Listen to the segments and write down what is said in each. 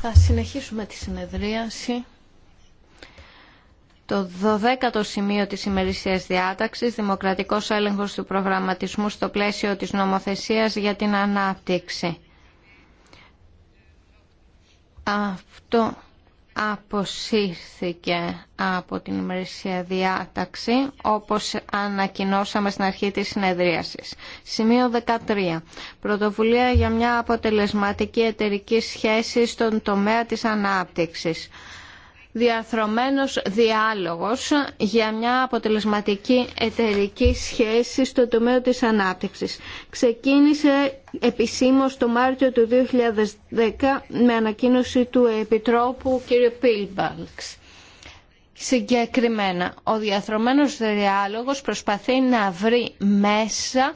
Θα συνεχίσουμε τη συνεδρίαση. Το 12ο σημείο της ημερησίας διάταξης, δημοκρατικός έλεγχος του προγραμματισμού στο πλαίσιο της νομοθεσίας για την ανάπτυξη. Αυτό αποσύρθηκε από την ημερησία διάταξη όπως ανακοινώσαμε στην αρχή της συνεδρίασης. Σημείο 13. Πρωτοβουλία για μια αποτελεσματική εταιρική σχέση στον τομέα της ανάπτυξης διαθρωμένος διάλογος για μια αποτελεσματική εταιρική σχέση στο τομέα της ανάπτυξης. Ξεκίνησε επισήμως το Μάρτιο του 2010 με ανακοίνωση του Επιτρόπου κ. Πίλμπαλξ. Συγκεκριμένα, ο διαθρωμένος διάλογος προσπαθεί να βρει μέσα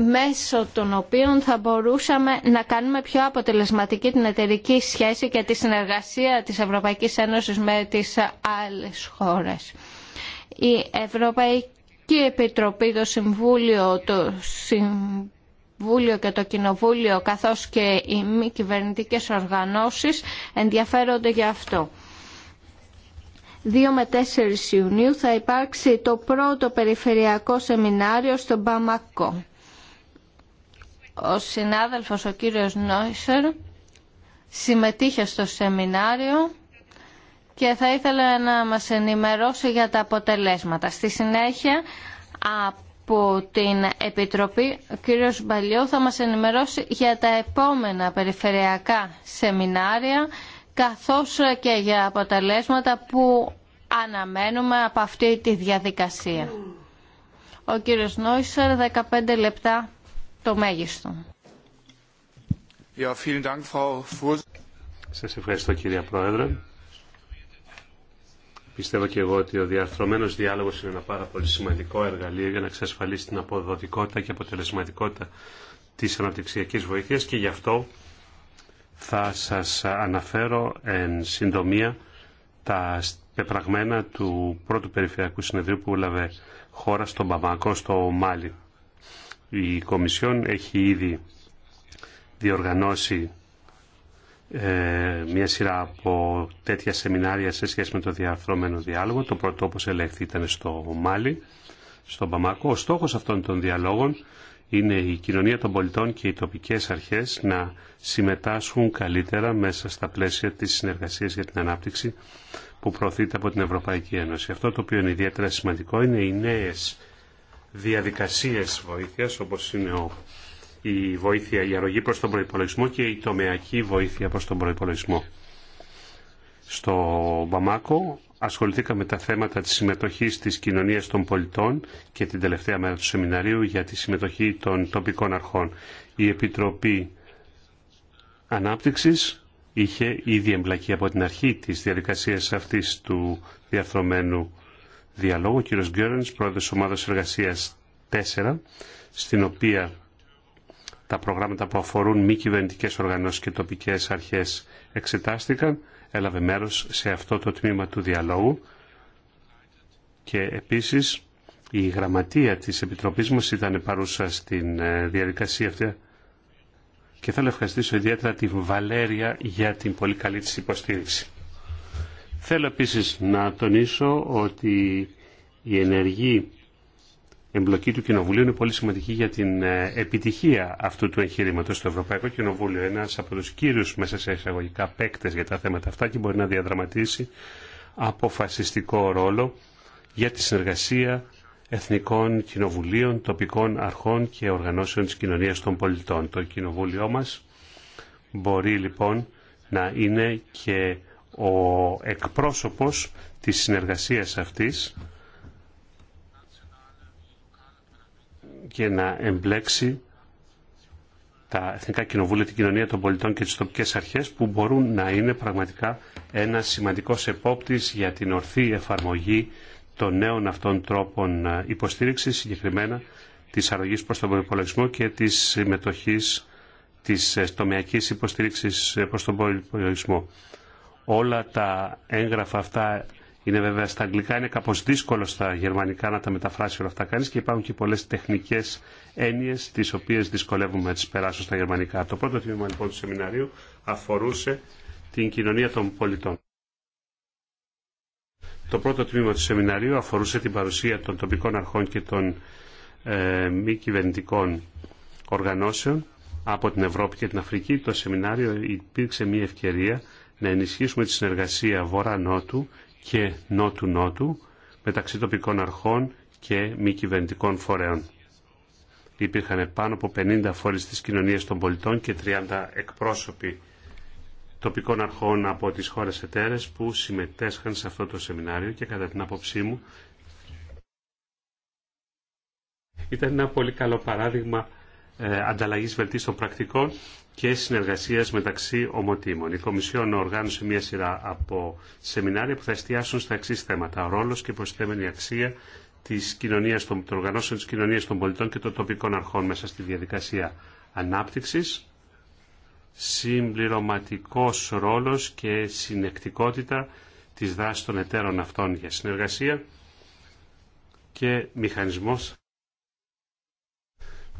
μέσω των οποίων θα μπορούσαμε να κάνουμε πιο αποτελεσματική την εταιρική σχέση και τη συνεργασία της Ευρωπαϊκής Ένωσης με τις άλλες χώρες. Η Ευρωπαϊκή Επιτροπή, το Συμβούλιο, το Συμβούλιο και το Κοινοβούλιο καθώς και οι μη κυβερνητικές οργανώσεις ενδιαφέρονται για αυτό. 2 με 4 Ιουνίου θα υπάρξει το πρώτο περιφερειακό σεμινάριο στο Μπαμακό. Ο συνάδελφος ο κύριος Νόισερ συμμετείχε στο σεμινάριο και θα ήθελε να μας ενημερώσει για τα αποτελέσματα. Στη συνέχεια από την Επιτροπή ο κύριος Μπαλιό θα μας ενημερώσει για τα επόμενα περιφερειακά σεμινάρια καθώς και για αποτελέσματα που αναμένουμε από αυτή τη διαδικασία. Ο κύριος Νόισερ, 15 λεπτά το μέγιστο. Σας ευχαριστώ κυρία Πρόεδρε. Πιστεύω και εγώ ότι ο διαρθρωμένος διάλογος είναι ένα πάρα πολύ σημαντικό εργαλείο για να εξασφαλίσει την αποδοτικότητα και αποτελεσματικότητα της αναπτυξιακής βοήθειας και γι' αυτό θα σας αναφέρω εν συντομία τα πεπραγμένα του πρώτου περιφερειακού συνεδρίου που έλαβε χώρα στον Παμακό στο Μάλι. Η Κομισιόν έχει ήδη διοργανώσει ε, μια σειρά από τέτοια σεμινάρια σε σχέση με το διαρθρωμένο διάλογο. Το πρώτο, όπως ελέγχθη, ήταν στο Μάλι, στο Παμάκο. Ο στόχος αυτών των διαλόγων είναι η κοινωνία των πολιτών και οι τοπικές αρχές να συμμετάσχουν καλύτερα μέσα στα πλαίσια της συνεργασίας για την ανάπτυξη που προωθείται από την Ευρωπαϊκή Ένωση. Αυτό το οποίο είναι ιδιαίτερα σημαντικό είναι οι νέες διαδικασίες βοήθειας όπως είναι ο, η βοήθεια, η αρρωγή προς τον προϋπολογισμό και η τομεακή βοήθεια προς τον προϋπολογισμό. Στο Μπαμάκο ασχοληθήκαμε με τα θέματα της συμμετοχής της κοινωνίας των πολιτών και την τελευταία μέρα του σεμιναρίου για τη συμμετοχή των τοπικών αρχών. Η Επιτροπή Ανάπτυξης είχε ήδη εμπλακεί από την αρχή της διαδικασίας αυτής του διαρθρωμένου διαλόγου, ο κύριος Γκέρνς, πρόεδρος ομάδας εργασίας 4, στην οποία τα προγράμματα που αφορούν μη κυβερνητικέ οργανώσεις και τοπικές αρχές εξετάστηκαν, έλαβε μέρος σε αυτό το τμήμα του διαλόγου και επίσης η γραμματεία της Επιτροπής μας ήταν παρούσα στην ε, διαδικασία αυτή και θέλω να ευχαριστήσω ιδιαίτερα τη Βαλέρια για την πολύ καλή της υποστήριξη. Θέλω επίσης να τονίσω ότι η ενεργή εμπλοκή του Κοινοβουλίου είναι πολύ σημαντική για την ε, επιτυχία αυτού του εγχειρήματος στο Ευρωπαϊκό Κοινοβούλιο. Ένας από τους κύριους μέσα σε εισαγωγικά παίκτες για τα θέματα αυτά και μπορεί να διαδραματίσει αποφασιστικό ρόλο για τη συνεργασία εθνικών κοινοβουλίων, τοπικών αρχών και οργανώσεων της κοινωνίας των πολιτών. Το κοινοβούλιο μας μπορεί λοιπόν να είναι και ο εκπρόσωπος της συνεργασίας αυτής και να εμπλέξει τα Εθνικά Κοινοβούλια, την Κοινωνία των Πολιτών και τις τοπικές αρχές που μπορούν να είναι πραγματικά ένα σημαντικό επόπτης για την ορθή εφαρμογή των νέων αυτών τρόπων υποστήριξης, συγκεκριμένα της αρρωγής προς τον προπολογισμό και της συμμετοχής της τομεακής υποστήριξης προς τον προπολογισμό. Όλα τα έγγραφα αυτά είναι βέβαια στα αγγλικά, είναι κάπως δύσκολο στα γερμανικά να τα μεταφράσει όλα αυτά κανείς και υπάρχουν και πολλές τεχνικές έννοιες τις οποίες δυσκολεύουμε να τις περάσω στα γερμανικά. Το πρώτο τμήμα λοιπόν του σεμιναρίου αφορούσε την κοινωνία των πολιτών. Το πρώτο τμήμα του σεμιναρίου αφορούσε την παρουσία των τοπικών αρχών και των ε, μη κυβερνητικών οργανώσεων από την Ευρώπη και την Αφρική. Το σεμινάριο υπήρξε μια ευκαιρία να ενισχύσουμε τη συνεργασία βορρά-νότου και νότου-νότου μεταξύ τοπικών αρχών και μη κυβερνητικών φορέων. Υπήρχαν πάνω από 50 φορείς της κοινωνίας των πολιτών και 30 εκπρόσωποι τοπικών αρχών από τις χώρες εταίρες που συμμετέσχαν σε αυτό το σεμινάριο και κατά την άποψή μου ήταν ένα πολύ καλό παράδειγμα ε, ανταλλαγής βελτίστων πρακτικών και συνεργασία μεταξύ ομοτήμων. Η Κομισιόν οργάνωσε μια σειρά από σεμινάρια που θα εστιάσουν στα εξή θέματα. Ρόλος και προσθέμενη αξία της κοινωνίας των, οργανώσεων τη κοινωνία των πολιτών και των τοπικών αρχών μέσα στη διαδικασία ανάπτυξης. συμπληρωματικό ρόλο και συνεκτικότητα τη δράση των εταίρων αυτών για συνεργασία και μηχανισμός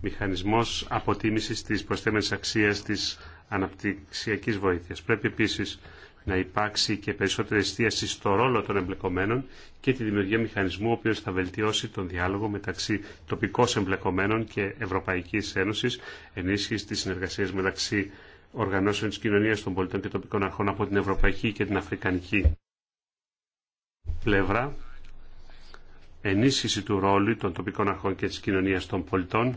μηχανισμός αποτίμησης της προσθέμενης αξίας της αναπτυξιακής βοήθειας. Πρέπει επίσης να υπάρξει και περισσότερη εστίαση στο ρόλο των εμπλεκομένων και τη δημιουργία μηχανισμού ο οποίος θα βελτιώσει τον διάλογο μεταξύ τοπικών εμπλεκομένων και Ευρωπαϊκής Ένωσης, ενίσχυση της συνεργασίας μεταξύ οργανώσεων της κοινωνίας των πολιτών και τοπικών αρχών από την Ευρωπαϊκή και την Αφρικανική πλευρά, ενίσχυση του ρόλου των τοπικών αρχών και της κοινωνίας των πολιτών,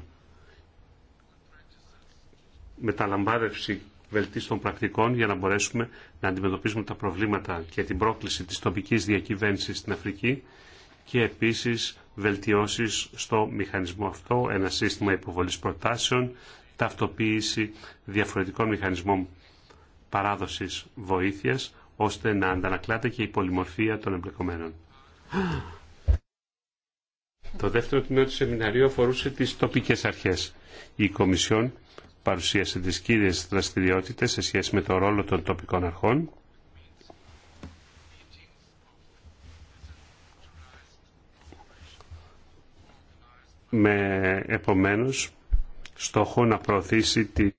μεταλαμβάνευση βελτίστων πρακτικών για να μπορέσουμε να αντιμετωπίσουμε τα προβλήματα και την πρόκληση της τοπικής διακυβέρνησης στην Αφρική και επίσης βελτιώσεις στο μηχανισμό αυτό, ένα σύστημα υποβολής προτάσεων, ταυτοποίηση διαφορετικών μηχανισμών παράδοσης βοήθειας, ώστε να αντανακλάται και η πολυμορφία των εμπλεκομένων. Το δεύτερο τμήμα του σεμιναρίου αφορούσε τις τοπικές αρχές. Η Κομισιόν παρουσίασε τις κύριες δραστηριότητες σε σχέση με το ρόλο των τοπικών αρχών. Με επομένως στόχο να προωθήσει τη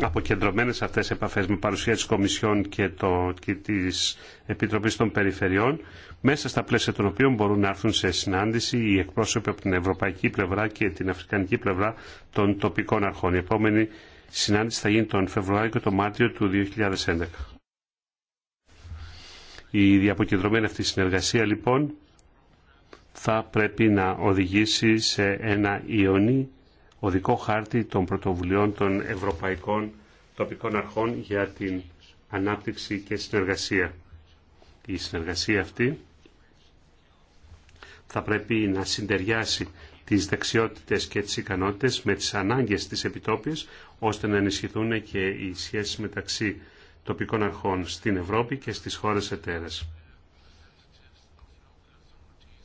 αποκεντρωμένες αυτές επαφές με παρουσία της Κομισιόν και, το, και της Επιτροπής των Περιφερειών, μέσα στα πλαίσια των οποίων μπορούν να έρθουν σε συνάντηση οι εκπρόσωποι από την ευρωπαϊκή πλευρά και την αφρικανική πλευρά των τοπικών αρχών. Η επόμενη συνάντηση θα γίνει τον Φεβρουάριο και τον Μάρτιο του 2011. Η διαποκεντρωμένη αυτή συνεργασία λοιπόν θα πρέπει να οδηγήσει σε ένα ιονί οδικό χάρτη των πρωτοβουλειών των ευρωπαϊκών τοπικών αρχών για την ανάπτυξη και συνεργασία. Η συνεργασία αυτή θα πρέπει να συντεριάσει τις δεξιότητες και τις ικανότητες με τις ανάγκες της επιτόπιας, ώστε να ενισχυθούν και οι σχέσεις μεταξύ τοπικών αρχών στην Ευρώπη και στις χώρες εταίρες.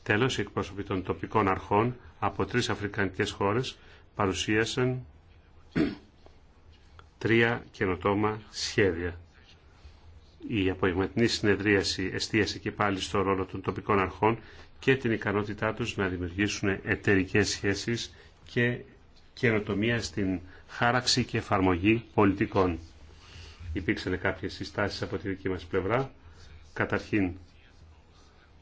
Τέλος, οι εκπρόσωποι των τοπικών αρχών από τρεις αφρικανικές χώρες παρουσίασαν τρία καινοτόμα σχέδια. Η απογευματινή συνεδρίαση εστίασε και πάλι στο ρόλο των τοπικών αρχών και την ικανότητά τους να δημιουργήσουν εταιρικέ σχέσεις και καινοτομία στην χάραξη και εφαρμογή πολιτικών. Υπήρξαν κάποιες συστάσεις από τη δική μας πλευρά. Καταρχήν,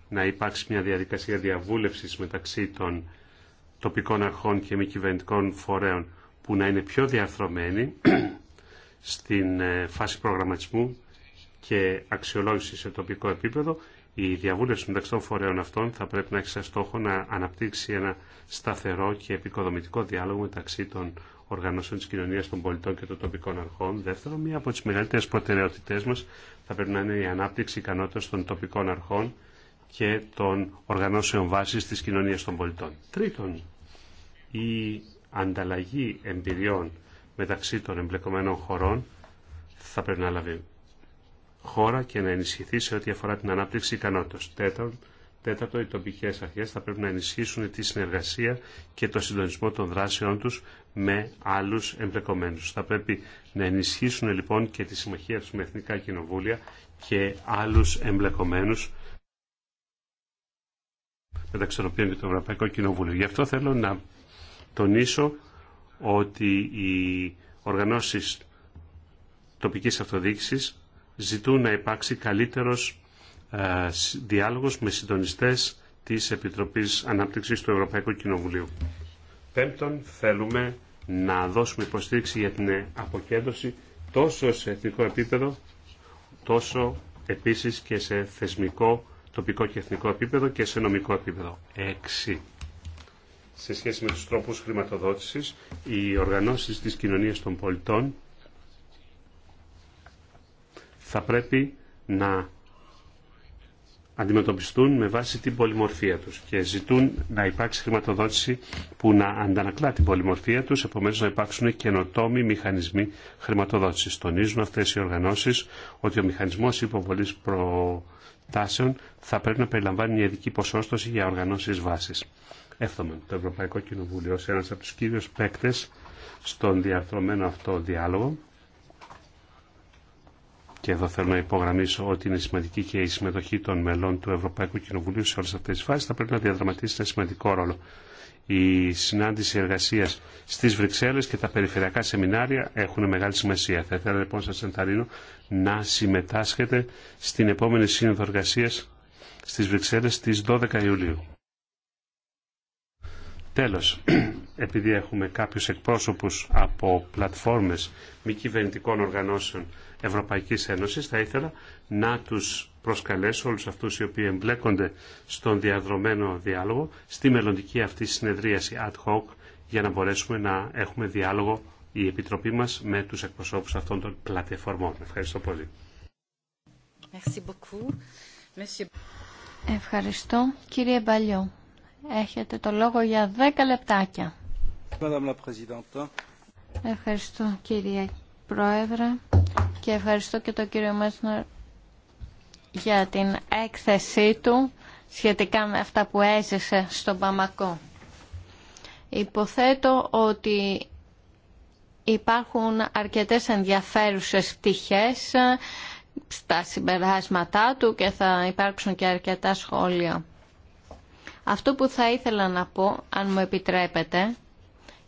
να υπάρξει μια διαδικασία διαβούλευσης μεταξύ των τοπικών αρχών και μη κυβερνητικών φορέων που να είναι πιο διαρθρωμένοι στην ε, φάση προγραμματισμού και αξιολόγηση σε τοπικό επίπεδο. Η διαβούλευση μεταξύ των φορέων αυτών θα πρέπει να έχει σαν στόχο να αναπτύξει ένα σταθερό και επικοδομητικό διάλογο μεταξύ των οργανώσεων τη κοινωνία των πολιτών και των τοπικών αρχών. Δεύτερον, μία από τι μεγαλύτερε προτεραιότητέ μα θα πρέπει να είναι η ανάπτυξη ικανότητα των τοπικών αρχών και των οργανώσεων βάση τη κοινωνία των πολιτών. Τρίτον, η ανταλλαγή εμπειριών μεταξύ των εμπλεκομένων χωρών θα πρέπει να λάβει χώρα και να ενισχυθεί σε ό,τι αφορά την ανάπτυξη ικανότητα. Τέταρτον, τέταρτο, οι τοπικέ αρχέ θα πρέπει να ενισχύσουν τη συνεργασία και το συντονισμό των δράσεών του με άλλου εμπλεκομένου. Θα πρέπει να ενισχύσουν λοιπόν και τη συμμαχία του με εθνικά κοινοβούλια και άλλου εμπλεκομένου. μεταξύ των οποίων και το Ευρωπαϊκό Κοινοβούλιο. Γι' αυτό θέλω να τονίσω ότι οι οργανώσεις τοπικής αυτοδιοίκησης ζητούν να υπάρξει καλύτερος ε, διάλογος με συντονιστές της Επιτροπής Ανάπτυξης του Ευρωπαϊκού Κοινοβουλίου. Πέμπτον, θέλουμε να δώσουμε υποστήριξη για την αποκέντρωση τόσο σε εθνικό επίπεδο, τόσο επίσης και σε θεσμικό, τοπικό και εθνικό επίπεδο και σε νομικό επίπεδο. Έξι σε σχέση με τους τρόπους χρηματοδότησης, οι οργανώσεις της κοινωνίας των πολιτών θα πρέπει να αντιμετωπιστούν με βάση την πολυμορφία τους και ζητούν να υπάρξει χρηματοδότηση που να αντανακλά την πολυμορφία τους, επομένως να υπάρξουν καινοτόμοι μηχανισμοί χρηματοδότησης. Τονίζουν αυτές οι οργανώσεις ότι ο μηχανισμός υποβολής προτάσεων θα πρέπει να περιλαμβάνει μια ειδική ποσόστοση για οργανώσεις βάσης. Εύθομαι το Ευρωπαϊκό Κοινοβούλιο ως ένας από τους κύριους παίκτες στον διαρθρωμένο αυτό διάλογο και εδώ θέλω να υπογραμμίσω ότι είναι σημαντική και η συμμετοχή των μελών του Ευρωπαϊκού Κοινοβουλίου σε όλες αυτές τις φάσεις θα πρέπει να διαδραματίσει ένα σημαντικό ρόλο. Η συνάντηση εργασία στι Βρυξέλλες και τα περιφερειακά σεμινάρια έχουν μεγάλη σημασία. Θα ήθελα λοιπόν σα ενθαρρύνω να συμμετάσχετε στην επόμενη σύνοδο εργασία στι Βρυξέλλε στι 12 Ιουλίου. Τέλος, επειδή έχουμε κάποιους εκπρόσωπους από πλατφόρμες μη κυβερνητικών οργανώσεων Ευρωπαϊκής Ένωσης, θα ήθελα να τους προσκαλέσω όλους αυτούς οι οποίοι εμπλέκονται στον διαδρομένο διάλογο στη μελλοντική αυτή συνεδρίαση ad hoc για να μπορέσουμε να έχουμε διάλογο η Επιτροπή μας με τους εκπροσώπους αυτών των πλατεφορμών. Ευχαριστώ πολύ. Ευχαριστώ. Κύριε Μπαλιό. Έχετε το λόγο για 10 λεπτάκια. Ευχαριστώ κύριε Πρόεδρε και ευχαριστώ και τον κύριο Μέσνερ για την έκθεσή του σχετικά με αυτά που έζησε στον Παμακό. Υποθέτω ότι υπάρχουν αρκετές ενδιαφέρουσες πτυχές στα συμπεράσματά του και θα υπάρξουν και αρκετά σχόλια. Αυτό που θα ήθελα να πω, αν μου επιτρέπετε,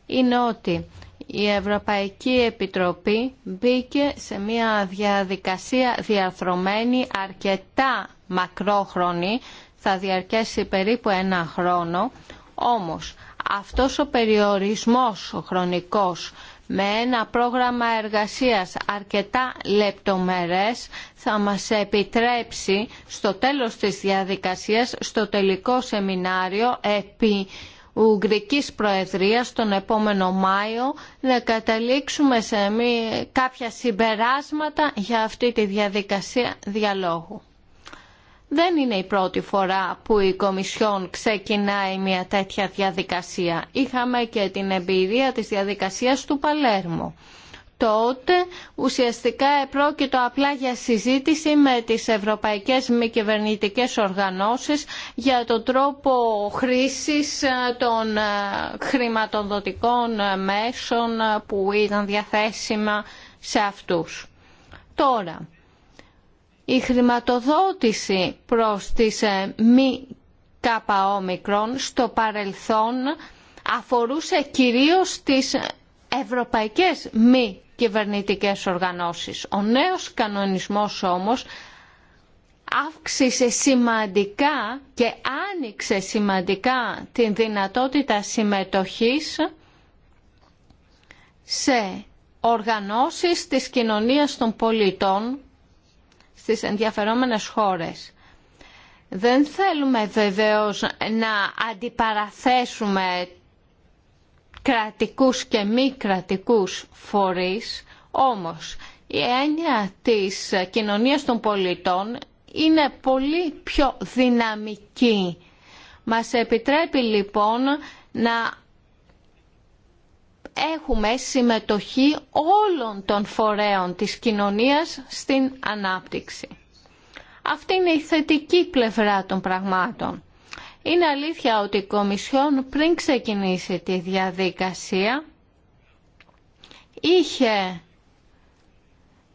είναι ότι η Ευρωπαϊκή Επιτροπή μπήκε σε μια διαδικασία διαρθρωμένη αρκετά μακρόχρονη, θα διαρκέσει περίπου ένα χρόνο, όμως αυτός ο περιορισμός ο χρονικός με ένα πρόγραμμα εργασίας αρκετά λεπτομερές θα μας επιτρέψει στο τέλος της διαδικασίας, στο τελικό σεμινάριο επί Ουγγρικής Προεδρίας τον επόμενο Μάιο να καταλήξουμε σε κάποια συμπεράσματα για αυτή τη διαδικασία διαλόγου. Δεν είναι η πρώτη φορά που η Κομισιόν ξεκινάει μια τέτοια διαδικασία. Είχαμε και την εμπειρία της διαδικασίας του Παλέρμου. Τότε ουσιαστικά επρόκειτο απλά για συζήτηση με τις ευρωπαϊκές μη κυβερνητικέ οργανώσεις για τον τρόπο χρήσης ε, των ε, χρηματοδοτικών ε, μέσων που ήταν διαθέσιμα σε αυτούς. Τώρα, η χρηματοδότηση προς τις ε, μη καπαόμικρον στο παρελθόν αφορούσε κυρίως τις ευρωπαϊκές μη κυβερνητικές οργανώσεις. Ο νέος κανονισμός όμως αύξησε σημαντικά και άνοιξε σημαντικά την δυνατότητα συμμετοχής σε οργανώσεις της κοινωνίας των πολιτών στις ενδιαφερόμενες χώρες. Δεν θέλουμε βεβαίως να αντιπαραθέσουμε κρατικούς και μη κρατικούς φορείς, όμως η έννοια της κοινωνίας των πολιτών είναι πολύ πιο δυναμική. Μας επιτρέπει λοιπόν να έχουμε συμμετοχή όλων των φορέων της κοινωνίας στην ανάπτυξη. Αυτή είναι η θετική πλευρά των πραγμάτων. Είναι αλήθεια ότι η Κομισιόν πριν ξεκινήσει τη διαδικασία είχε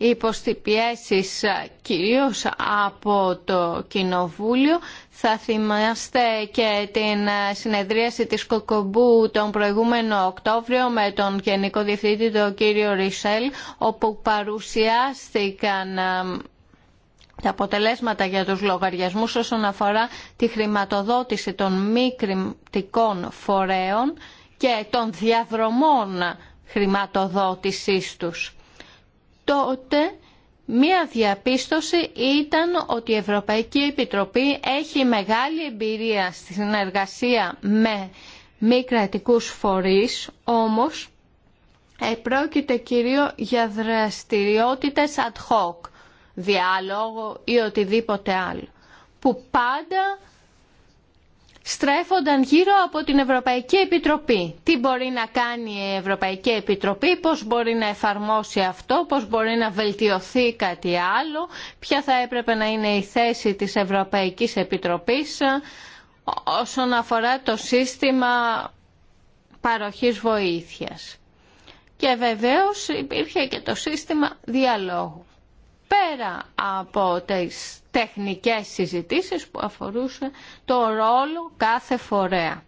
υποστηπιέσεις ε, κυρίως από το Κοινοβούλιο. Θα θυμάστε και την ε, συνεδρίαση της Κοκομπού τον προηγούμενο Οκτώβριο με τον Γενικό Διευθύντη τον κύριο Ρισελ όπου παρουσιάστηκαν ε, τα αποτελέσματα για τους λογαριασμούς όσον αφορά τη χρηματοδότηση των μη φορέων και των διαδρομών χρηματοδότησής τους τότε μία διαπίστωση ήταν ότι η Ευρωπαϊκή Επιτροπή έχει μεγάλη εμπειρία στη συνεργασία με μη κρατικούς φορείς, όμως πρόκειται κυρίως για δραστηριότητες ad hoc, διάλογο ή οτιδήποτε άλλο, που πάντα στρέφονταν γύρω από την Ευρωπαϊκή Επιτροπή. Τι μπορεί να κάνει η Ευρωπαϊκή Επιτροπή, πώς μπορεί να εφαρμόσει αυτό, πώς μπορεί να βελτιωθεί κάτι άλλο, ποια θα έπρεπε να είναι η θέση της Ευρωπαϊκής Επιτροπής όσον αφορά το σύστημα παροχής βοήθειας. Και βεβαίως υπήρχε και το σύστημα διαλόγου πέρα από τις τεχνικές συζητήσεις που αφορούσε το ρόλο κάθε φορέα.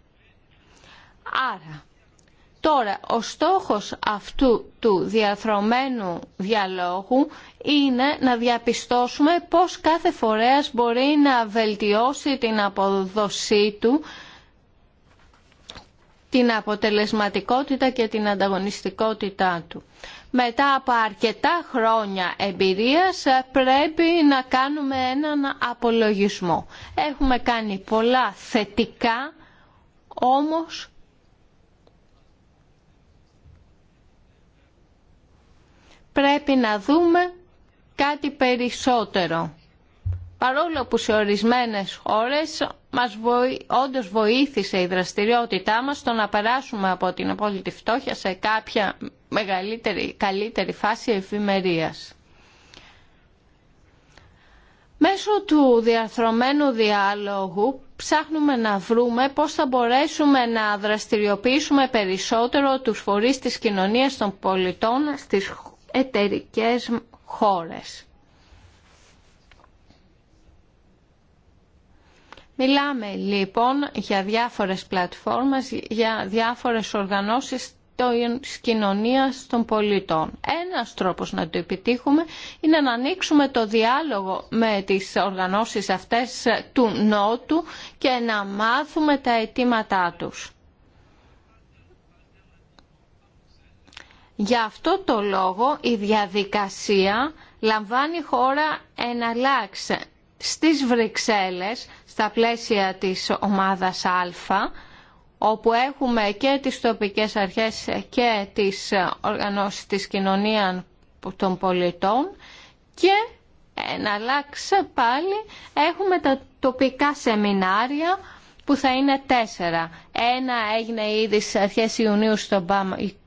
Άρα, τώρα ο στόχος αυτού του διαθρωμένου διαλόγου είναι να διαπιστώσουμε πώς κάθε φορέας μπορεί να βελτιώσει την αποδοσή του, την αποτελεσματικότητα και την ανταγωνιστικότητά του μετά από αρκετά χρόνια εμπειρίας ε, πρέπει να κάνουμε έναν απολογισμό. Έχουμε κάνει πολλά θετικά, όμως πρέπει να δούμε κάτι περισσότερο. Παρόλο που σε ορισμένες χώρες μας όντως βοήθησε η δραστηριότητά μας στο να περάσουμε από την απόλυτη φτώχεια σε κάποια μεγαλύτερη, καλύτερη φάση εφημερίας. Μέσω του διαρθρωμένου διάλογου ψάχνουμε να βρούμε πώς θα μπορέσουμε να δραστηριοποιήσουμε περισσότερο τους φορείς της κοινωνίας των πολιτών στις εταιρικές χώρες. Μιλάμε λοιπόν για διάφορες πλατφόρμες, για διάφορες οργανώσεις της κοινωνίας των πολιτών. Ένας τρόπος να το επιτύχουμε είναι να ανοίξουμε το διάλογο με τις οργανώσεις αυτές του Νότου και να μάθουμε τα αιτήματά τους. Για αυτό το λόγο η διαδικασία λαμβάνει χώρα εναλλάξε στις Βρυξέλλες στα πλαίσια της ομάδας Α, όπου έχουμε και τις τοπικές αρχές και τις οργανώσεις της κοινωνία των πολιτών και να αλλάξει πάλι έχουμε τα τοπικά σεμινάρια που θα είναι τέσσερα. Ένα έγινε ήδη στις αρχές Ιουνίου στο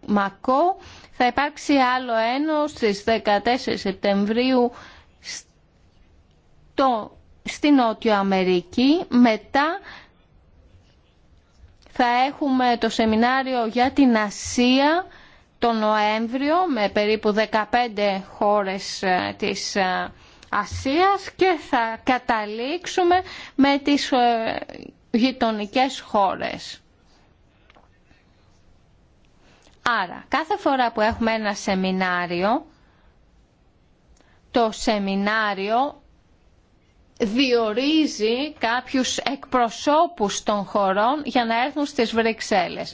Μακό, θα υπάρξει άλλο ένα στις 14 Σεπτεμβρίου στο στη Νότιο Αμερική. Μετά θα έχουμε το σεμινάριο για την Ασία το Νοέμβριο με περίπου 15 χώρες ε, της ε, Ασίας και θα καταλήξουμε με τις ε, γειτονικές χώρες. Άρα, κάθε φορά που έχουμε ένα σεμινάριο, το σεμινάριο διορίζει κάποιους εκπροσώπους των χωρών για να έρθουν στις Βρυξέλλες.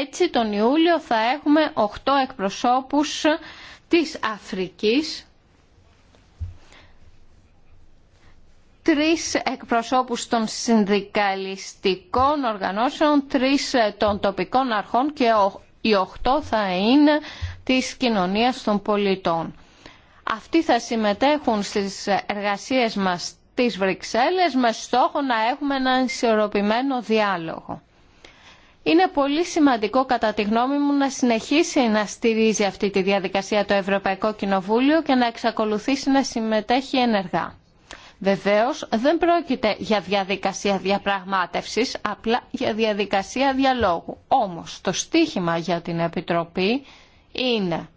Έτσι τον Ιούλιο θα έχουμε 8 εκπροσώπους της Αφρικής, τρεις εκπροσώπους των συνδικαλιστικών οργανώσεων, τρεις των τοπικών αρχών και οι οχτώ θα είναι της κοινωνίας των πολιτών. Αυτοί θα συμμετέχουν στις εργασίες μας τις Βρυξέλλες με στόχο να έχουμε έναν ισορροπημένο διάλογο. Είναι πολύ σημαντικό κατά τη γνώμη μου να συνεχίσει να στηρίζει αυτή τη διαδικασία το Ευρωπαϊκό Κοινοβούλιο και να εξακολουθήσει να συμμετέχει ενεργά. Βεβαίως δεν πρόκειται για διαδικασία διαπραγμάτευσης, απλά για διαδικασία διαλόγου. Όμως το στίχημα για την Επιτροπή είναι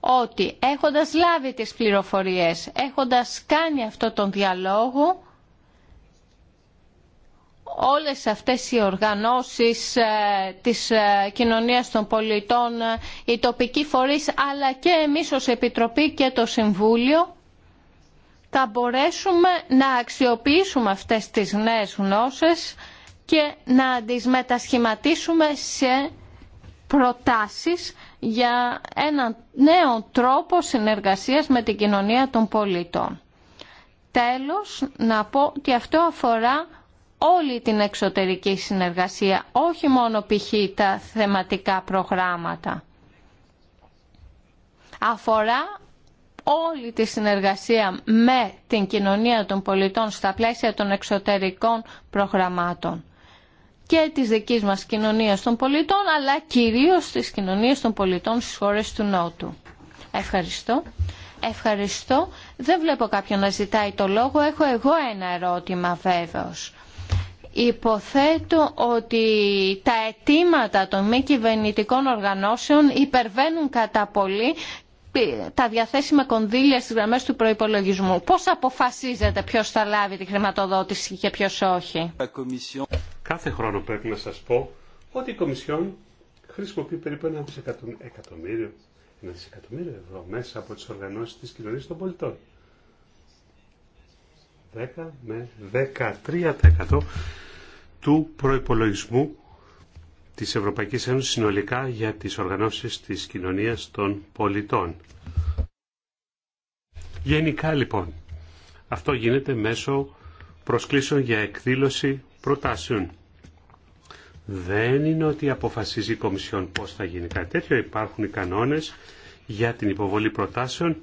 ότι έχοντας λάβει τις πληροφορίες, έχοντας κάνει αυτό τον διαλόγο, όλες αυτές οι οργανώσεις ε, της ε, κοινωνίας των πολιτών, ε, οι τοπικοί φορείς, αλλά και εμείς ως Επιτροπή και το Συμβούλιο, θα μπορέσουμε να αξιοποιήσουμε αυτές τις νέες γνώσεις και να τις μετασχηματίσουμε σε προτάσεις για ένα νέο τρόπο συνεργασίας με την κοινωνία των πολιτών. Τέλος, να πω ότι αυτό αφορά όλη την εξωτερική συνεργασία, όχι μόνο π.χ. τα θεματικά προγράμματα. Αφορά όλη τη συνεργασία με την κοινωνία των πολιτών στα πλαίσια των εξωτερικών προγραμμάτων και της δικής μας κοινωνίας των πολιτών, αλλά κυρίως της κοινωνίας των πολιτών στις χώρες του Νότου. Ευχαριστώ. Ευχαριστώ. Δεν βλέπω κάποιον να ζητάει το λόγο. Έχω εγώ ένα ερώτημα βέβαιος. Υποθέτω ότι τα αιτήματα των μη κυβερνητικών οργανώσεων υπερβαίνουν κατά πολύ τα διαθέσιμα κονδύλια στις γραμμές του προϋπολογισμού. Πώς αποφασίζετε ποιος θα λάβει τη χρηματοδότηση και ποιος όχι. Κάθε χρόνο πρέπει να σας πω ότι η Κομισιόν χρησιμοποιεί περίπου ένα δισεκατομμύριο, δισεκατομμύριο ευρώ μέσα από τις οργανώσεις της κοινωνίας των πολιτών. 10 με 13% του προϋπολογισμού της Ευρωπαϊκής Ένωσης συνολικά για τις οργανώσεις της κοινωνίας των πολιτών. Γενικά λοιπόν, αυτό γίνεται μέσω προσκλήσεων για εκδήλωση προτάσεων. Δεν είναι ότι αποφασίζει η Κομισιόν πώς θα γίνει κάτι τέτοιο. Υπάρχουν οι κανόνες για την υποβολή προτάσεων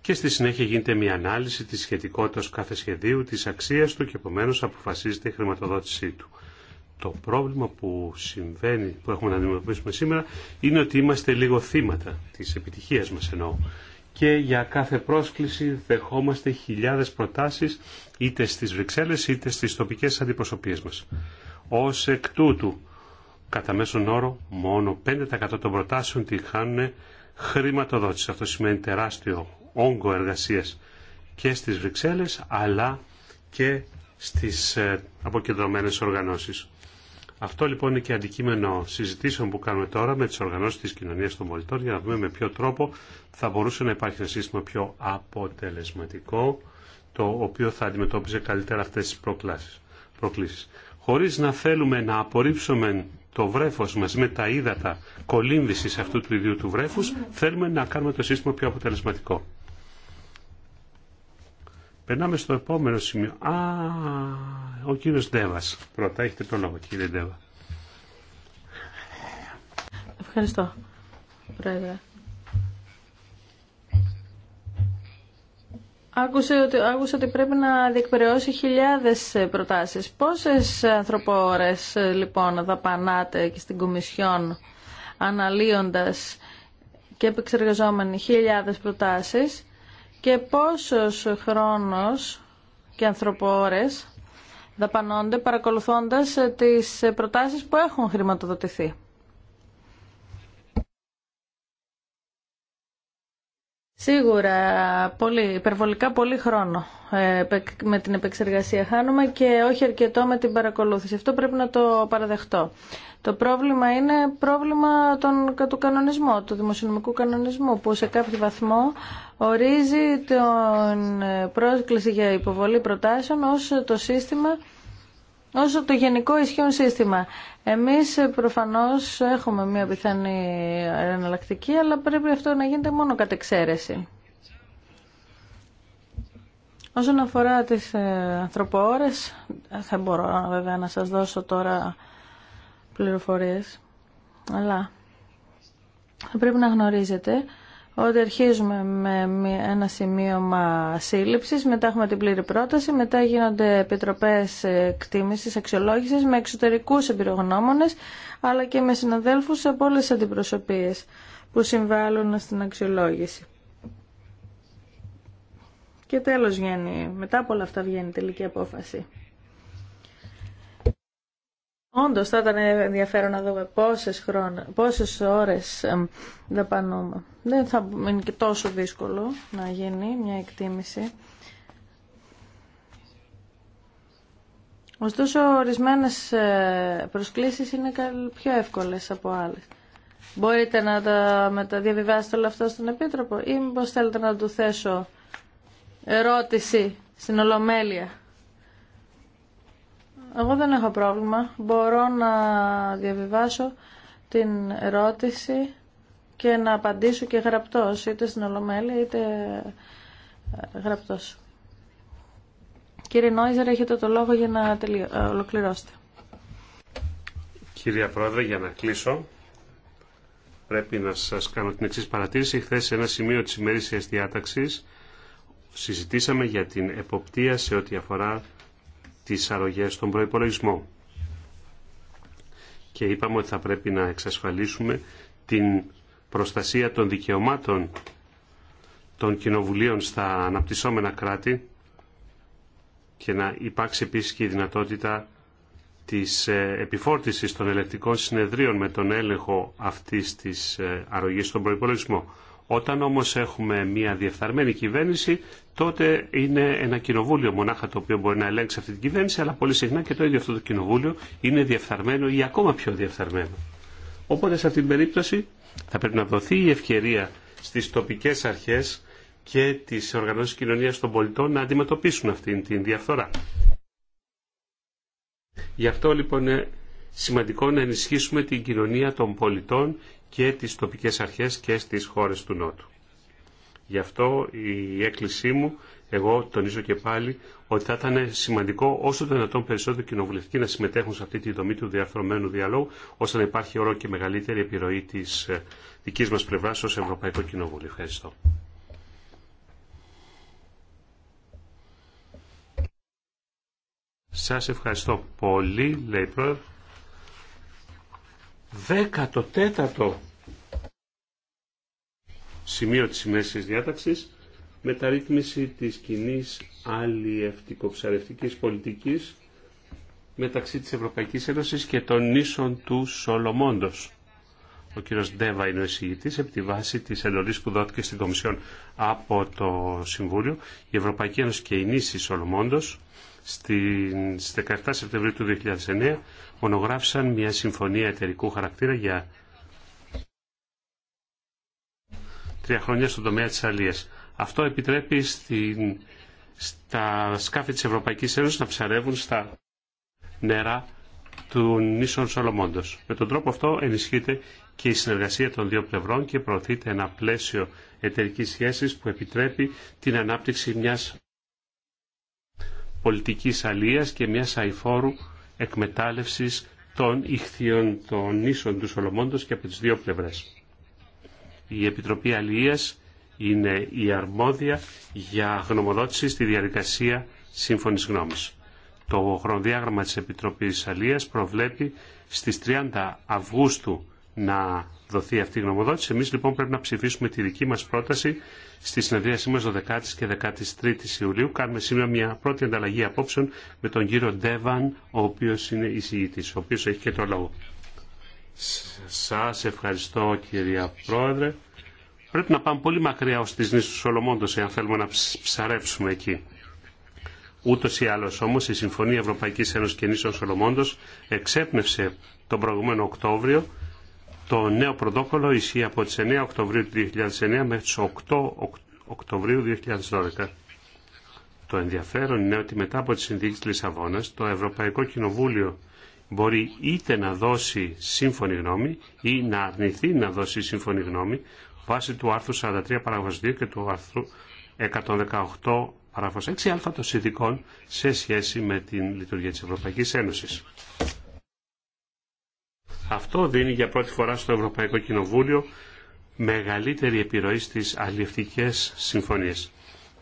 και στη συνέχεια γίνεται μια ανάλυση της σχετικότητας κάθε σχεδίου, της αξία του και επομένω αποφασίζεται η χρηματοδότησή του το πρόβλημα που συμβαίνει, που έχουμε να αντιμετωπίσουμε σήμερα, είναι ότι είμαστε λίγο θύματα της επιτυχίας μας εννοώ. Και για κάθε πρόσκληση δεχόμαστε χιλιάδες προτάσεις, είτε στις Βρυξέλλες, είτε στις τοπικές αντιπροσωπείες μας. Ως εκ τούτου, κατά μέσον όρο, μόνο 5% των προτάσεων τη χάνουν χρηματοδότηση. Αυτό σημαίνει τεράστιο όγκο εργασίας και στις Βρυξέλλες, αλλά και στις ε, αποκεντρωμένες οργανώσεις. Αυτό λοιπόν είναι και αντικείμενο συζητήσεων που κάνουμε τώρα με τις οργανώσεις της κοινωνίας των πολιτών για να δούμε με ποιο τρόπο θα μπορούσε να υπάρχει ένα σύστημα πιο αποτελεσματικό το οποίο θα αντιμετώπιζε καλύτερα αυτές τις προκλήσεις. Χωρίς να θέλουμε να απορρίψουμε το βρέφος μας με τα ύδατα κολύμβησης αυτού του ιδίου του βρέφους, θέλουμε να κάνουμε το σύστημα πιο αποτελεσματικό. Περνάμε στο επόμενο σημείο. Α, ο κύριος Ντέβας. Πρώτα, έχετε το λόγο, κύριε Ντέβα. Ευχαριστώ, Πρόεδρε. Άκουσε ότι, άκουσα ότι πρέπει να διεκπαιρεώσει χιλιάδες προτάσεις. Πόσες ανθρωπόρες λοιπόν δαπανάτε και στην Κομισιόν αναλύοντας και επεξεργαζόμενοι χιλιάδες προτάσεις και πόσος χρόνος και ανθρωπόρες δαπανώνται παρακολουθώντας τις προτάσεις που έχουν χρηματοδοτηθεί. Σίγουρα, πολύ, υπερβολικά πολύ χρόνο ε, με την επεξεργασία χάνουμε και όχι αρκετό με την παρακολούθηση. Αυτό πρέπει να το παραδεχτώ. Το πρόβλημα είναι πρόβλημα των, του κανονισμού, του δημοσιονομικού κανονισμού, που σε κάποιο βαθμό ορίζει την ε, πρόσκληση για υποβολή προτάσεων ως το σύστημα όσο το γενικό ισχύον σύστημα. Εμείς ε, προφανώς έχουμε μια πιθανή εναλλακτική, αλλά πρέπει αυτό να γίνεται μόνο κατ' εξαίρεση. Όσον αφορά τις ε, ανθρωπόρες, ε, θα μπορώ βέβαια να σας δώσω τώρα πληροφορίες, αλλά θα πρέπει να γνωρίζετε ότι αρχίζουμε με ένα σημείωμα σύλληψη, μετά έχουμε την πλήρη πρόταση, μετά γίνονται επιτροπέ εκτίμηση αξιολόγηση με εξωτερικούς εμπειρογνώμονες, αλλά και με συναδέλφους από όλε τις αντιπροσωπείες που συμβάλλουν στην αξιολόγηση. Και τέλος βγαίνει, μετά από όλα αυτά βγαίνει η τελική απόφαση. Όντω θα ήταν ενδιαφέρον να δούμε πόσες, πόσες ώρες δαπανούμε. Δεν θα είναι και τόσο δύσκολο να γίνει μια εκτίμηση. Ωστόσο, ορισμένες ε, προσκλήσει είναι πιο εύκολες από άλλες. Μπορείτε να τα μεταδιαβιβάσετε όλα αυτά στον Επίτροπο ή μήπως θέλετε να του θέσω ερώτηση στην Ολομέλεια. Εγώ δεν έχω πρόβλημα. Μπορώ να διαβιβάσω την ερώτηση και να απαντήσω και γραπτός, είτε στην Ολομέλη είτε ε, γραπτός. Κύριε Νόιζερ, έχετε το λόγο για να ε, ολοκληρώσετε. Κυρία Πρόεδρε, για να κλείσω, πρέπει να σας κάνω την εξής παρατήρηση. Χθε σε ένα σημείο της ημέρησης διάταξης συζητήσαμε για την εποπτεία σε ό,τι αφορά τις αρρωγές στον προϋπολογισμό. Και είπαμε ότι θα πρέπει να εξασφαλίσουμε την προστασία των δικαιωμάτων των κοινοβουλίων στα αναπτυσσόμενα κράτη και να υπάρξει επίσης και η δυνατότητα της ε, επιφόρτισης των ελεκτικών συνεδρίων με τον έλεγχο αυτής της ε, αρρωγής στον προϋπολογισμό. Όταν όμως έχουμε μια διεφθαρμένη κυβέρνηση, τότε είναι ένα κοινοβούλιο μονάχα το οποίο μπορεί να ελέγξει αυτή την κυβέρνηση, αλλά πολύ συχνά και το ίδιο αυτό το κοινοβούλιο είναι διεφθαρμένο ή ακόμα πιο διεφθαρμένο. Οπότε σε αυτή την περίπτωση θα πρέπει να δοθεί η ευκαιρία στις τοπικές αρχές και τις οργανώσεις κοινωνίας των πολιτών να αντιμετωπίσουν αυτή την διαφθορά. Γι' αυτό λοιπόν σημαντικό να ενισχύσουμε την κοινωνία των πολιτών και τις τοπικές αρχές και στις χώρες του Νότου. Γι' αυτό η έκκλησή μου, εγώ τονίζω και πάλι, ότι θα ήταν σημαντικό όσο το δυνατόν περισσότερο κοινοβουλευτικοί να συμμετέχουν σε αυτή τη δομή του διαρθρωμένου διαλόγου, ώστε να υπάρχει όρο και μεγαλύτερη επιρροή τη ε, δική μα πλευρά ω Ευρωπαϊκό Κοινοβούλιο. Ευχαριστώ. Σας ευχαριστώ πολύ, λέει 14ο σημείο της ημέρησης διάταξης μεταρρύθμιση της κοινή αλλιευτικοψαρευτικής πολιτικής μεταξύ της Ευρωπαϊκής Ένωσης και των νήσων του Σολομόντος. Ο κύριος Ντέβα είναι ο εισηγητής επί τη βάση της εντολής που δόθηκε στην Κομισιόν από το Συμβούλιο. Η Ευρωπαϊκή Ένωση και η νήση Σολομόντος στις 17 Σεπτεμβρίου του 2009 μονογράφησαν μια συμφωνία εταιρικού χαρακτήρα για τρία χρόνια στον τομέα της αλίας. Αυτό επιτρέπει στην, στα σκάφη της Ευρωπαϊκής Ένωσης να ψαρεύουν στα νερά του νήσων Σολομόντος. Με τον τρόπο αυτό ενισχύεται και η συνεργασία των δύο πλευρών και προωθείται ένα πλαίσιο εταιρική σχέσης που επιτρέπει την ανάπτυξη μιας πολιτικής αλίας και μιας αηφόρου εκμετάλλευσης των ηχθείων των νήσων του Σολομόντος και από τις δύο πλευρές. Η Επιτροπή Αλληλείας είναι η αρμόδια για γνωμοδότηση στη διαδικασία σύμφωνης γνώμης. Το χρονοδιάγραμμα της Επιτροπής Αλίας προβλέπει στις 30 Αυγούστου να δοθεί αυτή η γνωμοδότηση. Εμείς λοιπόν πρέπει να ψηφίσουμε τη δική μας πρόταση στη συνεδρίασή μας 12 και 13 η Ιουλίου. Κάνουμε σήμερα μια πρώτη ανταλλαγή απόψεων με τον κύριο Ντέβαν, ο οποίος είναι εισηγητής, ο οποίος έχει και το λόγο. Σας ευχαριστώ κυρία Πρόεδρε. Πρέπει να πάμε πολύ μακριά ως τις του Σολομόντος, εάν θέλουμε να ψαρέψουμε εκεί. Ούτως ή άλλως όμως η Συμφωνία Ευρωπαϊκής ευρωπαικης ενωση και Νήσων Σολομόντος εξέπνευσε τον προηγούμενο Οκτώβριο το νέο πρωτόκολλο ισχύει από τις 9 Οκτωβρίου 2009 μέχρι τις 8 Οκτωβρίου 2012. Το ενδιαφέρον είναι ότι μετά από τις συνθήκες Λισαβόνας το Ευρωπαϊκό Κοινοβούλιο μπορεί είτε να δώσει σύμφωνη γνώμη ή να αρνηθεί να δώσει σύμφωνη γνώμη βάσει του άρθρου 43 παράγραφος 2 και του άρθρου 118 παράγραφος 6α των συνδικών σε σχέση με την λειτουργία της Ευρωπαϊκής Ένωσης. Αυτό δίνει για πρώτη φορά στο Ευρωπαϊκό Κοινοβούλιο μεγαλύτερη επιρροή στις αλληλευτικές συμφωνίες.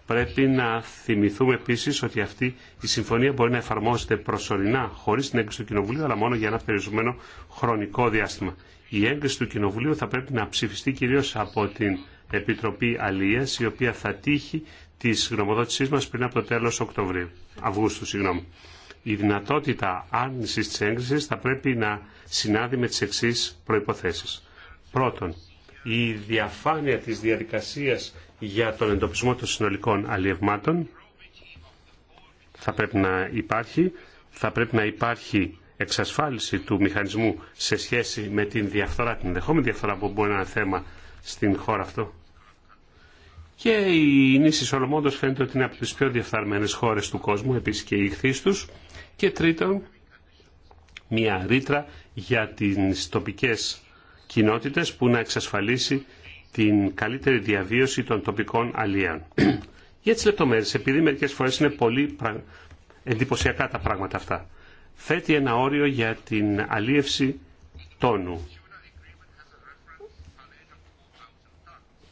Πρέπει να θυμηθούμε επίση ότι αυτή η συμφωνία μπορεί να εφαρμόζεται προσωρινά, χωρί την έγκριση του Κοινοβουλίου, αλλά μόνο για ένα περιορισμένο χρονικό διάστημα. Η έγκριση του Κοινοβουλίου θα πρέπει να ψηφιστεί κυρίω από την Επιτροπή Αλίες η οποία θα τύχει τη γνωμοδότησή μα πριν από το τέλο Αυγούστου, η δυνατότητα άρνηση τη έγκριση θα πρέπει να συνάδει με τις εξή προϋποθέσεις. Πρώτον, η διαφάνεια της διαδικασίας για τον εντοπισμό των συνολικών αλλιευμάτων θα πρέπει να υπάρχει, θα πρέπει να υπάρχει εξασφάλιση του μηχανισμού σε σχέση με την διαφθορά, την ενδεχόμενη διαφθορά που μπορεί να είναι θέμα στην χώρα αυτό. Και οι νήσοι Σολομόντο φαίνεται ότι είναι από τις πιο διεφθαρμένε χώρες του κόσμου, επίση και οι ηχθείς του. Και τρίτον, μια ρήτρα για τις τοπικές κοινότητε που να εξασφαλίσει την καλύτερη διαβίωση των τοπικών αλλιέων. για τι λεπτομέρειε, επειδή μερικέ φορές είναι πολύ εντυπωσιακά τα πράγματα αυτά, θέτει ένα όριο για την αλίευση τόνου.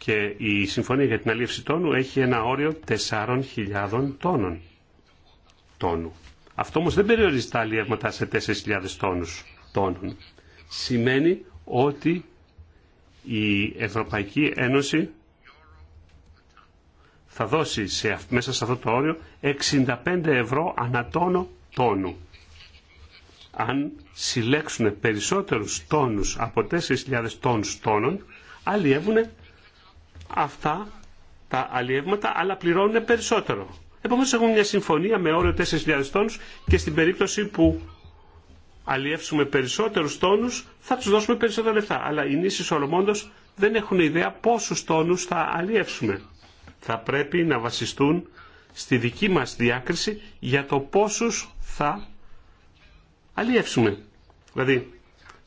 και η Συμφωνία για την αλλιεύση Τόνου έχει ένα όριο 4.000 τόνων. Τόνου. Αυτό όμως δεν περιορίζει τα αλλιεύματα σε 4.000 τόνους τόνων. Σημαίνει ότι η Ευρωπαϊκή Ένωση θα δώσει σε, μέσα σε αυτό το όριο 65 ευρώ ανατόνο τόνου. Αν συλλέξουν περισσότερους τόνους από 4.000 τόνους τόνων, αλλιεύουν αυτά τα αλλιεύματα, αλλά πληρώνουν περισσότερο. Επομένως έχουμε μια συμφωνία με όριο 4.000 τόνους και στην περίπτωση που αλλιεύσουμε περισσότερους τόνους θα τους δώσουμε περισσότερα λεφτά. Αλλά οι νήσεις Σολομόντος δεν έχουν ιδέα πόσους τόνους θα αλλιεύσουμε. Θα πρέπει να βασιστούν στη δική μας διάκριση για το πόσους θα αλλιεύσουμε. Δηλαδή,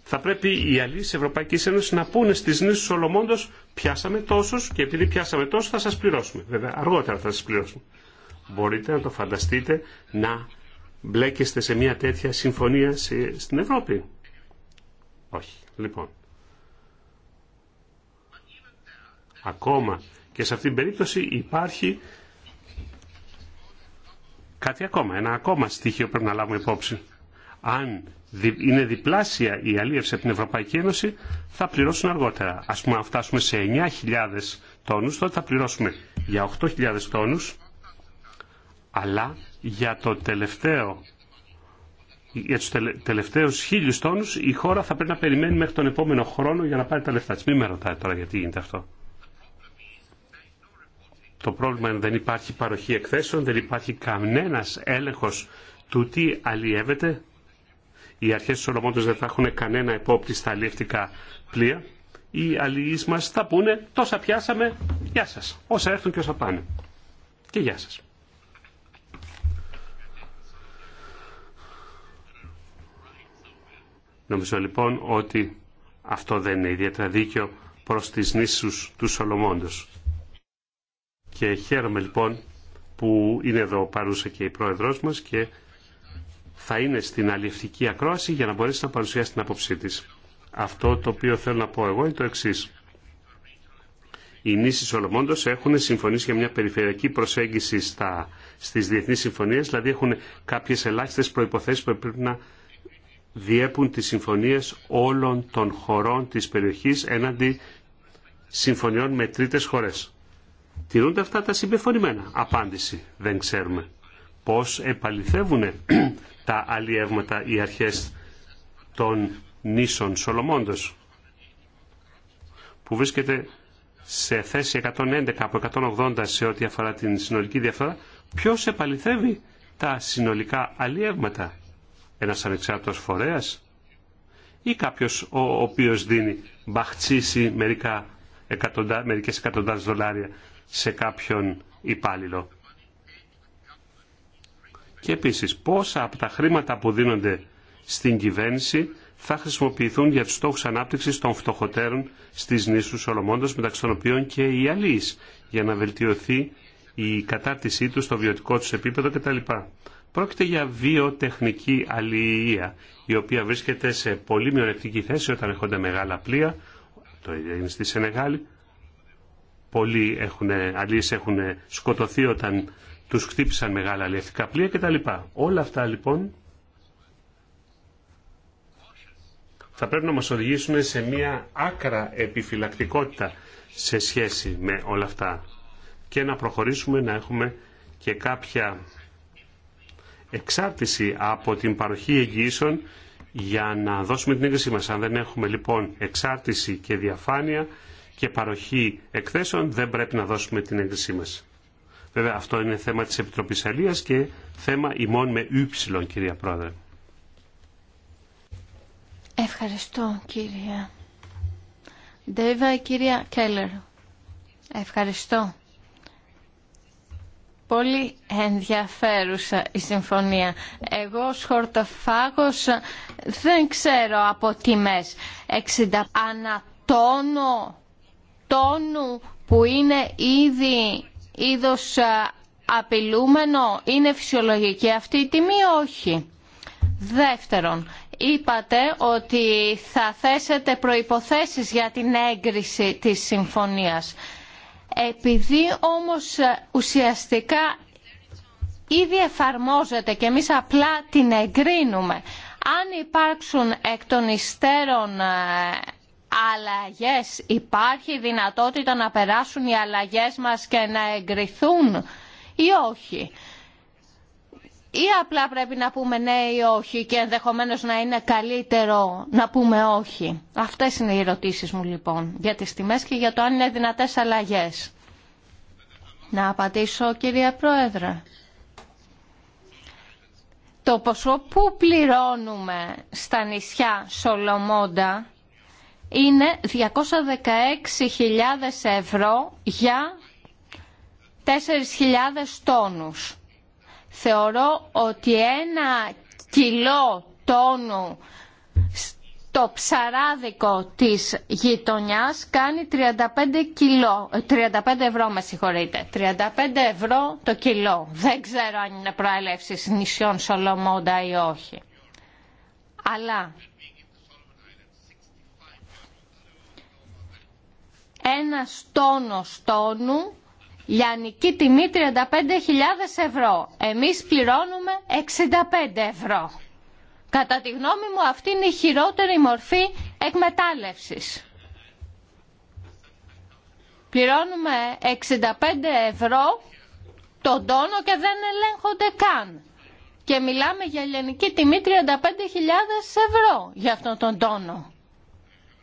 θα πρέπει οι αλλοί της Ευρωπαϊκή Ένωση να πούνε στις νήσους Σολομόντος πιάσαμε τόσους και επειδή πιάσαμε τόσους θα σας πληρώσουμε. Βέβαια αργότερα θα σας πληρώσουμε. Μπορείτε να το φανταστείτε να μπλέκεστε σε μια τέτοια συμφωνία στην Ευρώπη. Όχι. Λοιπόν. Ακόμα και σε αυτήν την περίπτωση υπάρχει κάτι ακόμα. Ένα ακόμα στοιχείο πρέπει να λάβουμε υπόψη αν είναι διπλάσια η αλίευση από την Ευρωπαϊκή Ένωση, θα πληρώσουν αργότερα. Α πούμε, αν φτάσουμε σε 9.000 τόνου. τότε θα πληρώσουμε για 8.000 τόνου, αλλά για, το τελευταίο, για τους τελευταίους τόνους η χώρα θα πρέπει να περιμένει μέχρι τον επόμενο χρόνο για να πάρει τα λεφτά της. Μην με ρωτάτε τώρα γιατί γίνεται αυτό. Το πρόβλημα είναι ότι δεν υπάρχει παροχή εκθέσεων, δεν υπάρχει κανένας έλεγχος του τι αλλιεύεται, οι αρχέ του Σολομόντος δεν θα έχουν κανένα επόπτη στα πλοία, οι αλληλεί μας θα πούνε τόσα πιάσαμε, γεια σα. όσα έρθουν και όσα πάνε. Και γεια σα. Νομίζω λοιπόν ότι αυτό δεν είναι ιδιαίτερα δίκαιο προς τις νήσους του Σολομόντος. Και χαίρομαι λοιπόν που είναι εδώ παρούσα και η πρόεδρός μας και θα είναι στην αλληλευτική ακρόαση για να μπορέσει να παρουσιάσει την άποψή τη. Αυτό το οποίο θέλω να πω εγώ είναι το εξή. Οι νήσοι Σολομόντο έχουν συμφωνήσει για μια περιφερειακή προσέγγιση στα, στις διεθνείς συμφωνίες, δηλαδή έχουν κάποιες ελάχιστες προϋποθέσεις που πρέπει να διέπουν τις συμφωνίες όλων των χωρών της περιοχής έναντι συμφωνιών με τρίτες χώρες. Τηρούνται αυτά τα συμπεφωνημένα. Απάντηση. Δεν ξέρουμε. Πώς επαληθεύουν τα αλλιεύματα οι αρχές των νήσων Σολομώντος που βρίσκεται σε θέση 111 από 180 σε ό,τι αφορά την συνολική διαφορά ποιος επαληθεύει τα συνολικά αλλιεύματα ένας ανεξάρτητος φορέας ή κάποιος ο οποίος δίνει μπαχτσίσει μερικά εκατοντά, μερικές εκατοντάδες δολάρια σε κάποιον υπάλληλο. Και επίσης πόσα από τα χρήματα που δίνονται στην κυβέρνηση θα χρησιμοποιηθούν για τους στόχους ανάπτυξης των φτωχοτέρων στις νήσους Σολομόντος, μεταξύ των οποίων και οι αλίες, για να βελτιωθεί η κατάρτισή τους στο βιωτικό τους επίπεδο κτλ. Πρόκειται για βιοτεχνική αλληλεία, η οποία βρίσκεται σε πολύ μειονεκτική θέση όταν έχονται μεγάλα πλοία, το είναι στη Σενεγάλη, πολλοί έχουν, έχουν σκοτωθεί όταν τους χτύπησαν μεγάλα αλλιευτικά πλοία κτλ. Όλα αυτά λοιπόν θα πρέπει να μας οδηγήσουν σε μια άκρα επιφυλακτικότητα σε σχέση με όλα αυτά και να προχωρήσουμε να έχουμε και κάποια εξάρτηση από την παροχή εγγυήσεων για να δώσουμε την έγκρισή μας. Αν δεν έχουμε λοιπόν εξάρτηση και διαφάνεια και παροχή εκθέσεων δεν πρέπει να δώσουμε την έγκρισή μας. Βέβαια αυτό είναι θέμα της Επιτροπής Αλίας και θέμα ημών με ύψιλον, κυρία Πρόεδρε. Ευχαριστώ, κυρία. η κυρία Κέλλερ. Ευχαριστώ. Πολύ ενδιαφέρουσα η συμφωνία. Εγώ ως δεν ξέρω από τιμέ. 60 ανατόνο τόνου που είναι ήδη είδος ε, απειλούμενο, είναι φυσιολογική αυτή η τιμή όχι. Δεύτερον, είπατε ότι θα θέσετε προϋποθέσεις για την έγκριση της συμφωνίας. Επειδή όμως ε, ουσιαστικά ήδη εφαρμόζεται και εμείς απλά την εγκρίνουμε, αν υπάρξουν εκ των υστέρων ε, αλλαγές. Υπάρχει δυνατότητα να περάσουν οι αλλαγές μας και να εγκριθούν ή όχι. Ή απλά πρέπει να πούμε ναι ή όχι και ενδεχομένως να είναι καλύτερο να πούμε όχι. Αυτές είναι οι ερωτήσεις μου λοιπόν για τις τιμές και για το αν είναι δυνατές αλλαγές. Να απαντήσω κυρία Πρόεδρε. Το ποσό που πληρώνουμε στα νησιά Σολομόντα είναι 216.000 ευρώ για 4.000 τόνους. Θεωρώ ότι ένα κιλό τόνου στο ψαράδικο της γειτονιάς κάνει 35, κιλό, 35 ευρώ, με 35 ευρώ το κιλό. Δεν ξέρω αν είναι προέλευση νησιών Σολομόντα ή όχι. Αλλά ένα τόνο τόνου λιανική τιμή 35.000 ευρώ. Εμείς πληρώνουμε 65 ευρώ. Κατά τη γνώμη μου αυτή είναι η χειρότερη μορφή εκμετάλλευσης. Πληρώνουμε 65 ευρώ τον τόνο και δεν ελέγχονται καν. Και μιλάμε για λιανική τιμή 35.000 ευρώ για αυτόν τον τόνο.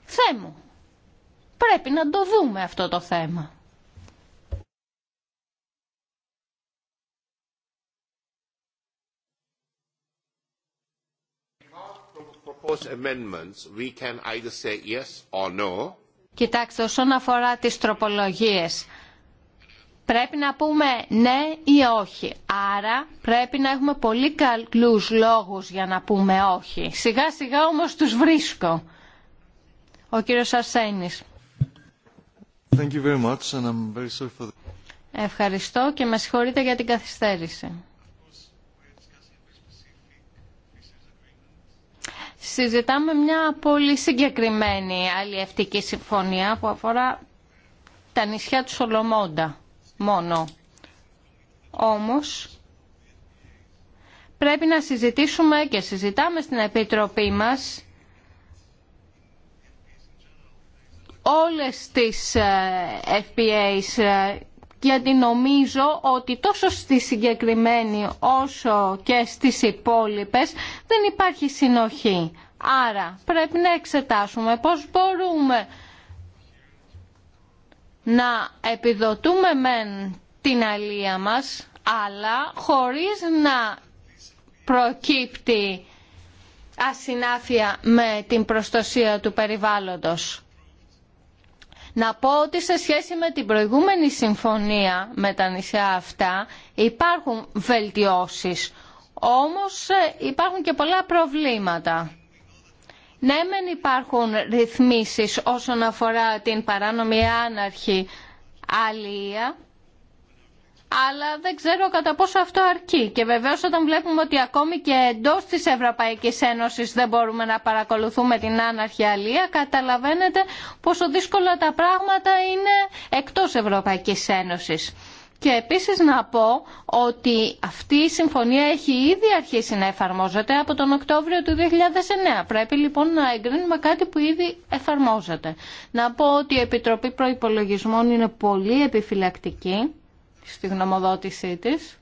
Θεέ μου πρέπει να το δούμε αυτό το θέμα. Κοιτάξτε, όσον αφορά τις τροπολογίες, πρέπει να πούμε ναι ή όχι. Άρα πρέπει να έχουμε πολύ καλούς λόγους για να πούμε όχι. Σιγά σιγά όμως τους βρίσκω. Ο κύριος Αρσένης. Ευχαριστώ και με συγχωρείτε για την καθυστέρηση. Συζητάμε μια πολύ συγκεκριμένη αλλιευτική συμφωνία που αφορά τα νησιά του Σολομόντα μόνο. Όμως πρέπει να συζητήσουμε και συζητάμε στην Επιτροπή μας όλες τις ε, FPAs ε, γιατί νομίζω ότι τόσο στη συγκεκριμένη όσο και στις υπόλοιπες δεν υπάρχει συνοχή. Άρα πρέπει να εξετάσουμε πώς μπορούμε να επιδοτούμε μεν την αλία μας αλλά χωρίς να προκύπτει ασυνάφεια με την προστασία του περιβάλλοντος. Να πω ότι σε σχέση με την προηγούμενη συμφωνία με τα νησιά αυτά υπάρχουν βελτιώσεις, όμως ε, υπάρχουν και πολλά προβλήματα. Ναι, μεν υπάρχουν ρυθμίσεις όσον αφορά την παράνομη άναρχη αλία, αλλά δεν ξέρω κατά πόσο αυτό αρκεί. Και βεβαίως όταν βλέπουμε ότι ακόμη και εντός της Ευρωπαϊκής Ένωσης δεν μπορούμε να παρακολουθούμε την άναρχη αλία, καταλαβαίνετε πόσο δύσκολα τα πράγματα είναι εκτός Ευρωπαϊκής Ένωσης. Και επίσης να πω ότι αυτή η συμφωνία έχει ήδη αρχίσει να εφαρμόζεται από τον Οκτώβριο του 2009. Πρέπει λοιπόν να εγκρίνουμε κάτι που ήδη εφαρμόζεται. Να πω ότι η Επιτροπή Προϋπολογισμών είναι πολύ επιφυλακτική στη γνωμοδότησή της.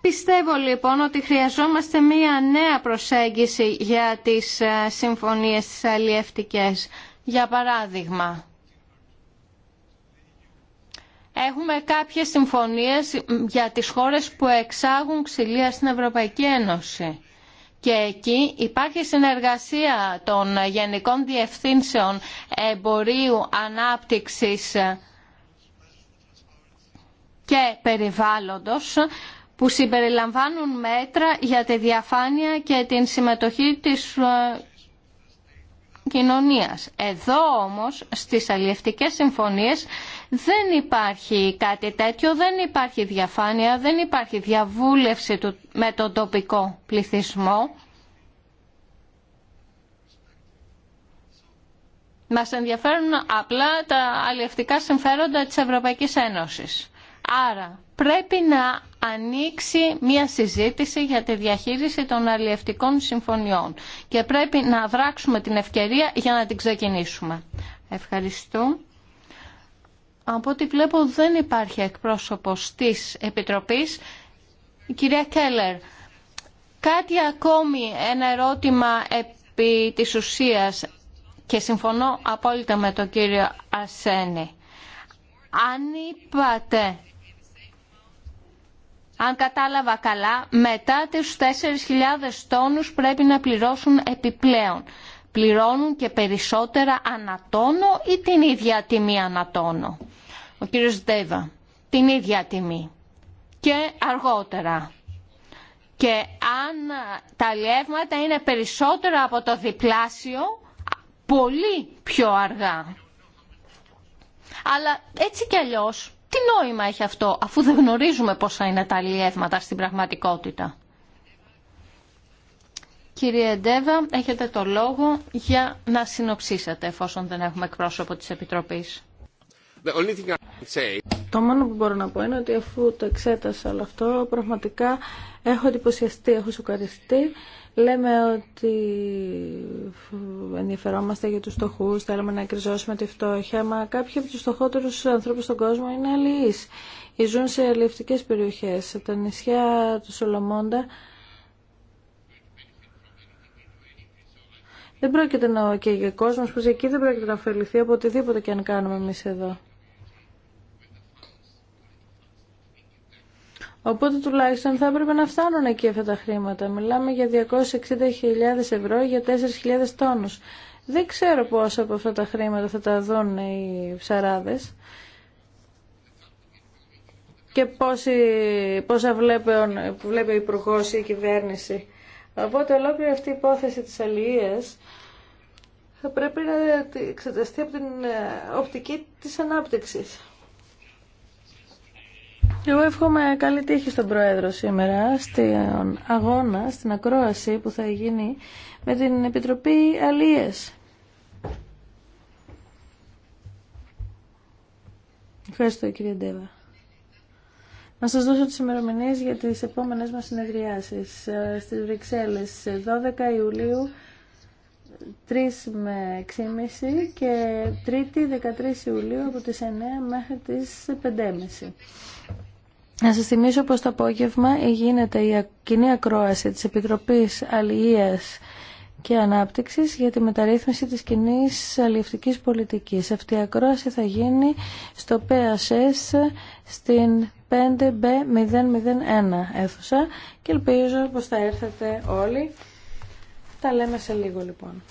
Πιστεύω λοιπόν ότι χρειαζόμαστε μία νέα προσέγγιση για τις ε, συμφωνίες τις αλλιευτικές. Για παράδειγμα, έχουμε κάποιες συμφωνίες για τις χώρες που εξάγουν ξυλία στην Ευρωπαϊκή Ένωση και εκεί υπάρχει συνεργασία των Γενικών Διευθύνσεων Εμπορίου Ανάπτυξης και Περιβάλλοντος που συμπεριλαμβάνουν μέτρα για τη διαφάνεια και την συμμετοχή της ε, κοινωνίας. Εδώ όμως στις αλληλευτικές συμφωνίες δεν υπάρχει κάτι τέτοιο, δεν υπάρχει διαφάνεια, δεν υπάρχει διαβούλευση με τον τοπικό πληθυσμό. Μας ενδιαφέρουν απλά τα αλληλευτικά συμφέροντα της Ευρωπαϊκής Ένωσης. Άρα πρέπει να ανοίξει μια συζήτηση για τη διαχείριση των αλληλευτικών συμφωνιών και πρέπει να δράξουμε την ευκαιρία για να την ξεκινήσουμε. Ευχαριστούμε. Από ό,τι βλέπω δεν υπάρχει εκπρόσωπος της Επιτροπής. κυρία Κέλλερ, κάτι ακόμη, ένα ερώτημα επί της ουσίας και συμφωνώ απόλυτα με τον κύριο Αρσένη. Αν είπατε, αν κατάλαβα καλά, μετά τις 4.000 τόνους πρέπει να πληρώσουν επιπλέον πληρώνουν και περισσότερα ανατόνο ή την ίδια τιμή ανατόνο. Ο κύριος Δέβα, την ίδια τιμή και αργότερα. Και αν τα λεύματα είναι περισσότερα από το διπλάσιο, πολύ πιο αργά. Αλλά έτσι κι αλλιώς, τι νόημα έχει αυτό, αφού δεν γνωρίζουμε πόσα είναι τα λιεύματα στην πραγματικότητα. Κύριε Ντέβα, έχετε το λόγο για να συνοψίσετε εφόσον δεν έχουμε εκπρόσωπο της Επιτροπής. Το μόνο που μπορώ να πω είναι ότι αφού το εξέτασα όλο αυτό, πραγματικά έχω εντυπωσιαστεί, έχω σοκαριστεί. Λέμε ότι ενδιαφερόμαστε για τους στόχου, θέλουμε να εκριζώσουμε τη φτώχεια, μα κάποιοι από τους φτωχότερους ανθρώπους στον κόσμο είναι αλληλείς. Ζουν σε αλληλευτικές περιοχές, τα νησιά του Σολομόντα, Δεν πρόκειται να, και για κόσμος που εκεί δεν πρόκειται να αφαιρεθεί από οτιδήποτε και αν κάνουμε εμείς εδώ. Οπότε τουλάχιστον θα έπρεπε να φτάνουν εκεί αυτά τα χρήματα. Μιλάμε για 260.000 ευρώ για 4.000 τόνους. Δεν ξέρω πόσα από αυτά τα χρήματα θα τα δουν οι ψαράδες και πόσα βλέπει, βλέπει ο υπουργό ή η κυβέρνηση. Οπότε ολόκληρη αυτή η υπόθεση της αλληλείας θα πρέπει να εξεταστεί από την ε, οπτική της ανάπτυξης. Εγώ εύχομαι καλή τύχη στον Πρόεδρο σήμερα στην αγώνα, στην ακρόαση που θα γίνει με την Επιτροπή Αλίες. Ευχαριστώ κύριε Ντέβα. Να σας δώσω τις ημερομηνίε για τις επόμενες μας συνεδριάσεις ε, στις Βρυξέλλες 12 ε, Ιουλίου 3 με 6.30 και 3η 13 Ιουλίου από τις 9 μέχρι τις 5.30. Να σας θυμίσω πως το απόγευμα γίνεται η κοινή ακρόαση της Επιτροπής Αλληλείας και Ανάπτυξης για τη μεταρρύθμιση της κοινή αλληλευτικής πολιτικής. Αυτή η ακρόαση θα γίνει στο ΠΑΣΕΣ στην 5B001 αίθουσα και ελπίζω πως θα έρθετε όλοι. Τα λέμε σε λίγο λοιπόν.